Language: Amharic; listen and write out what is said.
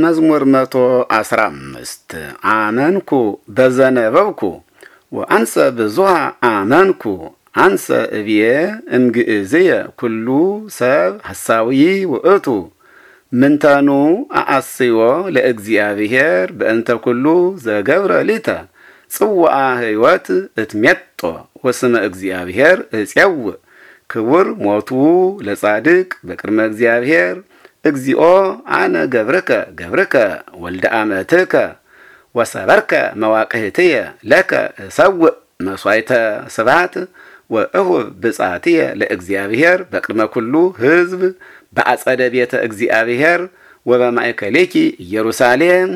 መዝሙር መቶ አስራ አምስት አመንኩ በዘነበብኩ ወአንሰ ብዙሃ አመንኩ አንሰ እብዬ እምግእዝየ ኩሉ ሰብ ሐሳዊ ውእቱ ምንተኑ አአስዮ ለእግዚአብሔር በእንተ ኩሉ ዘገብረ ሊተ ጽዋአ ሕይወት እትሜጦ ወስመ እግዚአብሔር እፄውእ ክቡር ሞቱ ለጻድቅ በቅድመ እግዚአብሔር እግዚኦ አነ ገብርከ ገብርከ ወልደ አመትከ ወሰበርከ መዋቅህትየ ለከ እሰውእ መስዋዕተ ስብሐት ወእሁብ ብጻትየ ለእግዚአብሔር በቅድመ ኩሉ ሕዝብ በአጸደ ቤተ እግዚአብሔር ወበማእከሌኪ ኢየሩሳሌም